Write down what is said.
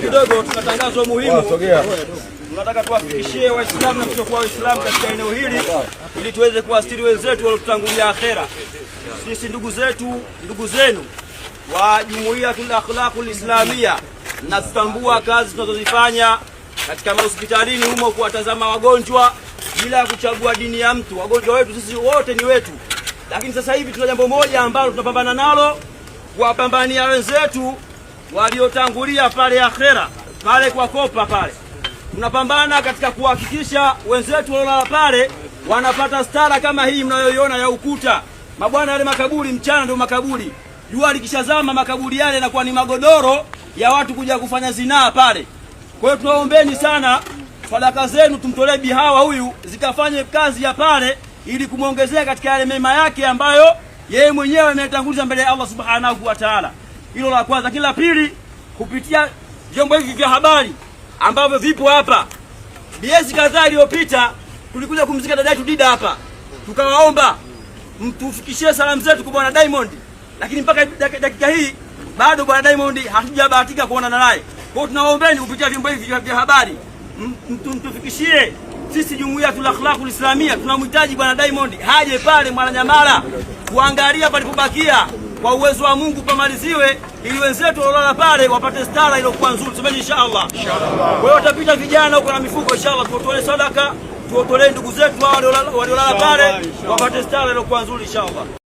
kidogo tuna tangazo muhimu tunataka tuwafikishie Waislamu na kutokuwa Waislamu katika eneo hili ili tuweze kuwastiri wenzetu waliotutangulia akhera. Sisi ndugu zetu, ndugu zenu wa Jumuiyatul Akhlaqul Islamia, na kazi tunazozifanya katika mahospitalini humo kuwatazama wagonjwa bila ya kuchagua dini ya mtu. Wagonjwa wetu sisi wote ni wetu, lakini sasa hivi tuna jambo moja ambalo tunapambana nalo, kuwapambania wenzetu waliotangulia pale akhera pale kwa kopa pale, tunapambana katika kuhakikisha wenzetu waliolala pale wanapata stara kama hii mnayoiona ya ukuta. Mabwana, yale makaburi mchana ndio makaburi, jua likishazama makaburi yale yanakuwa ni magodoro ya watu kuja kufanya zinaa pale. Kwa hiyo tunaombeni sana sadaka zenu tumtolee Bihawa huyu zikafanye kazi ya pale, ili kumwongezea katika yale mema yake ambayo yeye mwenyewe ametanguliza mbele ya Allah subhanahu wa taala. Hilo la kwanza. Lakini la pili, kupitia vyombo hivi vya habari ambavyo vipo hapa, miezi kadhaa iliyopita tulikuja kumzika dada yetu Dida hapa, tukawaomba mtufikishie salamu zetu kwa bwana Diamond, lakini mpaka dakika hii bado bwana Diamond hatujabahatika kuonana naye. Kwa hiyo tunawaombeni kupitia vyombo hivi vya habari mtufikishie sisi jumuiya tuna akhlaqul islamia tunamhitaji bwana Diamond haje pale Mwananyamala kuangalia palipobakia kwa uwezo wa Mungu pamaliziwe, ili wenzetu walolala pale wapate stara iliyokuwa nzuri. Semeni inshallah. Kwa hiyo watapita vijana huko na mifuko, inshallah, tuotolee sadaka, tuotolee ndugu zetu hao waliolala pale wapate stara iliyokuwa nzuri inshaallah.